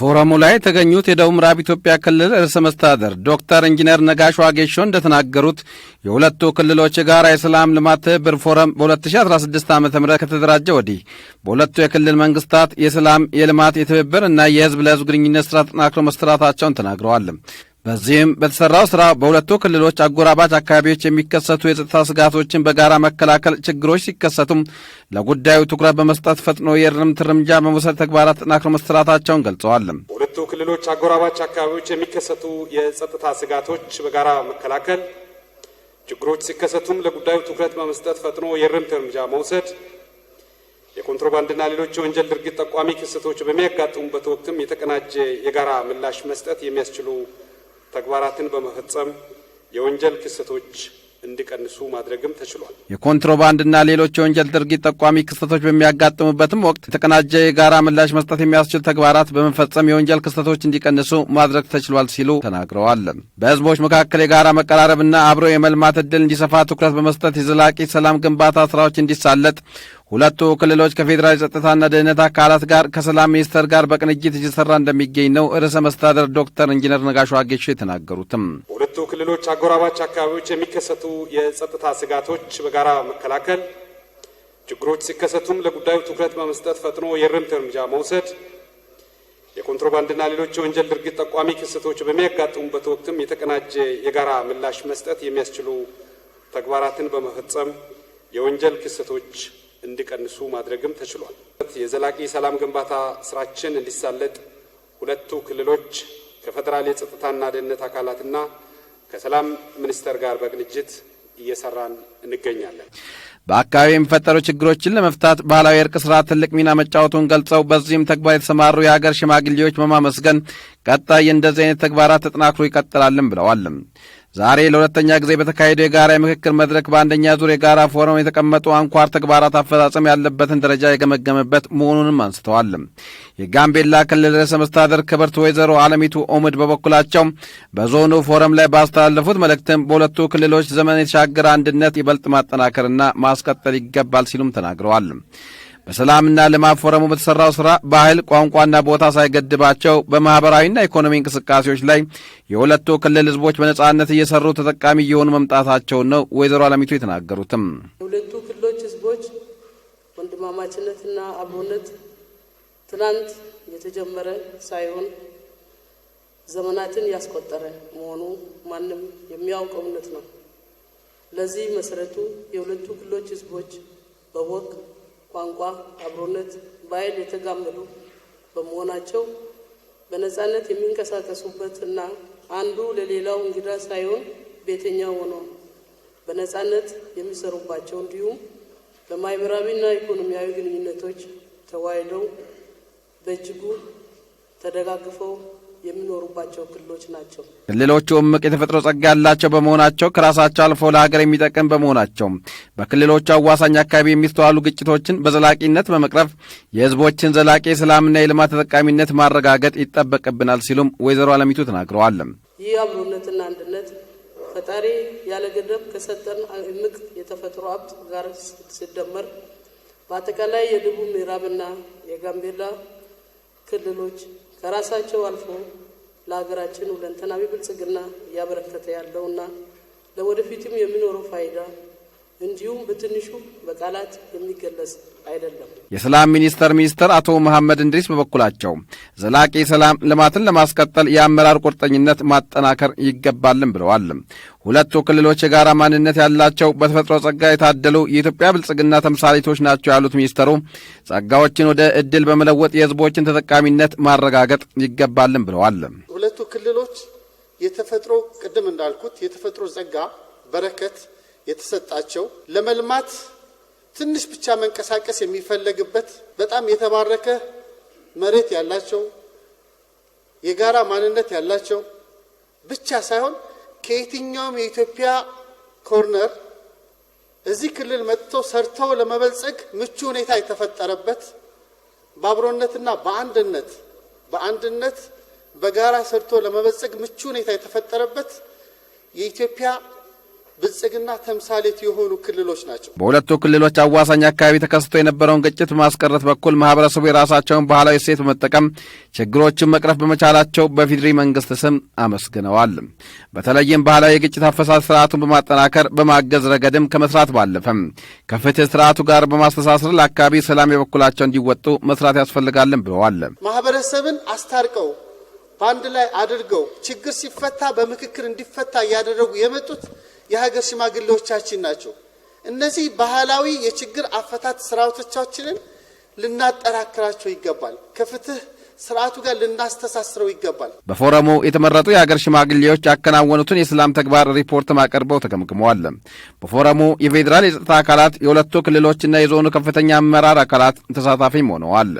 በፎረሙ ላይ የተገኙት የደቡብ ምዕራብ ኢትዮጵያ ክልል ርዕሰ መስተዳደር ዶክተር ኢንጂነር ነጋሽ ዋጌሾ እንደተናገሩት የሁለቱ ክልሎች የጋራ የሰላም ልማት ትብብር ፎረም በ2016 ዓ ም ከተደራጀ ወዲህ በሁለቱ የክልል መንግስታት የሰላም የልማት የትብብር እና የህዝብ ለህዝብ ግንኙነት ስራ ተጠናክሮ መስራታቸውን ተናግረዋል። በዚህም በተሠራው ሥራ በሁለቱ ክልሎች አጎራባች አካባቢዎች የሚከሰቱ የጸጥታ ስጋቶችን በጋራ መከላከል፣ ችግሮች ሲከሰቱም ለጉዳዩ ትኩረት በመስጠት ፈጥኖ የእርምት እርምጃ በመውሰድ ተግባራት ጠናክሮ መሰራታቸውን ገልጸዋል። በሁለቱ ክልሎች አጎራባች አካባቢዎች የሚከሰቱ የጸጥታ ስጋቶች በጋራ መከላከል፣ ችግሮች ሲከሰቱም ለጉዳዩ ትኩረት በመስጠት ፈጥኖ የእርምት እርምጃ መውሰድ የኮንትሮባንድና ሌሎች የወንጀል ድርጊት ጠቋሚ ክስተቶች በሚያጋጥሙበት ወቅትም የተቀናጀ የጋራ ምላሽ መስጠት የሚያስችሉ ተግባራትን በመፈጸም የወንጀል ክስተቶች እንዲቀንሱ ማድረግም ተችሏል። የኮንትሮባንድና ሌሎች የወንጀል ድርጊት ጠቋሚ ክስተቶች በሚያጋጥሙበትም ወቅት የተቀናጀ የጋራ ምላሽ መስጠት የሚያስችል ተግባራት በመፈጸም የወንጀል ክስተቶች እንዲቀንሱ ማድረግ ተችሏል ሲሉ ተናግረዋል። በህዝቦች መካከል የጋራ መቀራረብና አብሮ የመልማት እድል እንዲሰፋ ትኩረት በመስጠት የዘላቂ ሰላም ግንባታ ስራዎች እንዲሳለጥ ሁለቱ ክልሎች ከፌዴራል ጸጥታና ደህንነት አካላት ጋር ከሰላም ሚኒስቴር ጋር በቅንጅት እየሰራ እንደሚገኝ ነው ርዕሰ መስተዳደር ዶክተር ኢንጂነር ነጋሽ ዋጌሾ የተናገሩትም። ሁለቱ ክልሎች አጎራባች አካባቢዎች የሚከሰቱ የጸጥታ ስጋቶች በጋራ መከላከል፣ ችግሮች ሲከሰቱም ለጉዳዩ ትኩረት በመስጠት ፈጥኖ የእርምት እርምጃ መውሰድ፣ የኮንትሮባንድና ሌሎች የወንጀል ድርጊት ጠቋሚ ክስተቶች በሚያጋጥሙበት ወቅትም የተቀናጀ የጋራ ምላሽ መስጠት የሚያስችሉ ተግባራትን በመፈጸም የወንጀል ክስተቶች እንዲቀንሱ ማድረግም ተችሏል። የዘላቂ ሰላም ግንባታ ስራችን እንዲሳለጥ ሁለቱ ክልሎች ከፌዴራል የጸጥታና ደህንነት አካላትና ከሰላም ሚኒስቴር ጋር በቅንጅት እየሰራን እንገኛለን። በአካባቢ የሚፈጠሩ ችግሮችን ለመፍታት ባህላዊ የእርቅ ስርዓት ትልቅ ሚና መጫወቱን ገልጸው በዚህም ተግባር የተሰማሩ የሀገር ሽማግሌዎች በማመስገን ቀጣይ እንደዚህ አይነት ተግባራት ተጠናክሮ ይቀጥላልም ብለዋል። ዛሬ ለሁለተኛ ጊዜ በተካሄደው የጋራ የምክክር መድረክ በአንደኛ ዙር የጋራ ፎረም የተቀመጡ አንኳር ተግባራት አፈጻጸም ያለበትን ደረጃ የገመገመበት መሆኑንም አንስተዋል። የጋምቤላ ክልል ርዕሰ መስተዳደር ክብርት ወይዘሮ አለሚቱ ኦምድ በበኩላቸው በዞኑ ፎረም ላይ ባስተላለፉት መልእክትም በሁለቱ ክልሎች ዘመን የተሻገረ አንድነት ይበልጥ ማጠናከርና ማስቀጠል ይገባል ሲሉም ተናግረዋል። በሰላምና ልማት ፎረሙ በተሠራው ሥራ ባህል፣ ቋንቋና ቦታ ሳይገድባቸው በማኅበራዊና ኢኮኖሚ እንቅስቃሴዎች ላይ የሁለቱ ክልል ሕዝቦች በነጻነት እየሠሩ ተጠቃሚ እየሆኑ መምጣታቸውን ነው ወይዘሮ አለሚቱ የተናገሩትም። የሁለቱ ክልሎች ሕዝቦች ወንድማማችነትና አብሮነት ትናንት የተጀመረ ሳይሆን ዘመናትን ያስቆጠረ መሆኑ ማንም የሚያውቀው እውነት ነው። ለዚህ መሠረቱ የሁለቱ ክልሎች ሕዝቦች በወቅ ቋንቋ፣ አብሮነት፣ ባህል የተጋመዱ በመሆናቸው በነፃነት የሚንቀሳቀሱበት እና አንዱ ለሌላው እንግዳ ሳይሆን ቤተኛ ሆኖ በነፃነት የሚሰሩባቸው እንዲሁም በማህበራዊና ኢኮኖሚያዊ ግንኙነቶች ተዋህደው በእጅጉ ተደጋግፈው የሚኖሩባቸው ክልሎች ናቸው። ክልሎቹ እምቅ የተፈጥሮ ጸጋ ያላቸው በመሆናቸው ከራሳቸው አልፎ ለሀገር የሚጠቅም በመሆናቸው በክልሎቹ አዋሳኝ አካባቢ የሚስተዋሉ ግጭቶችን በዘላቂነት በመቅረፍ የህዝቦችን ዘላቂ የሰላምና የልማት ተጠቃሚነት ማረጋገጥ ይጠበቅብናል ሲሉም ወይዘሮ አለሚቱ ተናግረዋል። ይህ አብሮነትና አንድነት ፈጣሪ ያለ ገደብ ከሰጠን እምቅ የተፈጥሮ ሀብት ጋር ሲደመር በአጠቃላይ የደቡብ ምዕራብና የጋምቤላ ክልሎች ከራሳቸው አልፎ ለሀገራችን ሁለንተናዊ ብልጽግና እያበረከተ ያለውና ለወደፊትም የሚኖረው ፋይዳ እንዲሁም በትንሹ በቃላት የሚገለጽ አይደለም። የሰላም ሚኒስቴር ሚኒስትር አቶ መሐመድ እንድሪስ በበኩላቸው ዘላቂ ሰላም ልማትን ለማስቀጠል የአመራር ቁርጠኝነት ማጠናከር ይገባልን ብለዋል። ሁለቱ ክልሎች የጋራ ማንነት ያላቸው በተፈጥሮ ጸጋ የታደሉ የኢትዮጵያ ብልጽግና ተምሳሌቶች ናቸው ያሉት ሚኒስትሩ ጸጋዎችን ወደ እድል በመለወጥ የህዝቦችን ተጠቃሚነት ማረጋገጥ ይገባልን ብለዋል። ሁለቱ ክልሎች የተፈጥሮ ቅድም እንዳልኩት የተፈጥሮ ጸጋ በረከት የተሰጣቸው ለመልማት ትንሽ ብቻ መንቀሳቀስ የሚፈለግበት በጣም የተባረከ መሬት ያላቸው የጋራ ማንነት ያላቸው ብቻ ሳይሆን ከየትኛውም የኢትዮጵያ ኮርነር እዚህ ክልል መጥተው ሰርተው ለመበልጸግ ምቹ ሁኔታ የተፈጠረበት በአብሮነትና በአንድነት በአንድነት በጋራ ሰርቶ ለመበልጸግ ምቹ ሁኔታ የተፈጠረበት የኢትዮጵያ ብልጽግና ተምሳሌት የሆኑ ክልሎች ናቸው። በሁለቱ ክልሎች አዋሳኝ አካባቢ ተከስቶ የነበረውን ግጭት በማስቀረት በኩል ማህበረሰቡ የራሳቸውን ባህላዊ እሴት በመጠቀም ችግሮችን መቅረፍ በመቻላቸው በፌዴሪ መንግስት ስም አመስግነዋል። በተለይም ባህላዊ የግጭት አፈሳት ስርዓቱን በማጠናከር በማገዝ ረገድም ከመስራት ባለፈም ከፍትህ ስርዓቱ ጋር በማስተሳሰር ለአካባቢ ሰላም የበኩላቸው እንዲወጡ መስራት ያስፈልጋልን ብለዋል። ማህበረሰብን አስታርቀው በአንድ ላይ አድርገው ችግር ሲፈታ በምክክር እንዲፈታ እያደረጉ የመጡት የሀገር ሽማግሌዎቻችን ናቸው። እነዚህ ባህላዊ የችግር አፈታት ስራዎቻችንን ልናጠራክራቸው ይገባል። ከፍትህ ስርዓቱ ጋር ልናስተሳስረው ይገባል። በፎረሙ የተመረጡ የሀገር ሽማግሌዎች ያከናወኑትን የሰላም ተግባር ሪፖርትም አቅርበው ተገምግመዋል። በፎረሙ የፌዴራል የጸጥታ አካላት፣ የሁለቱ ክልሎችና የዞኑ ከፍተኛ አመራር አካላት ተሳታፊም ሆነዋል።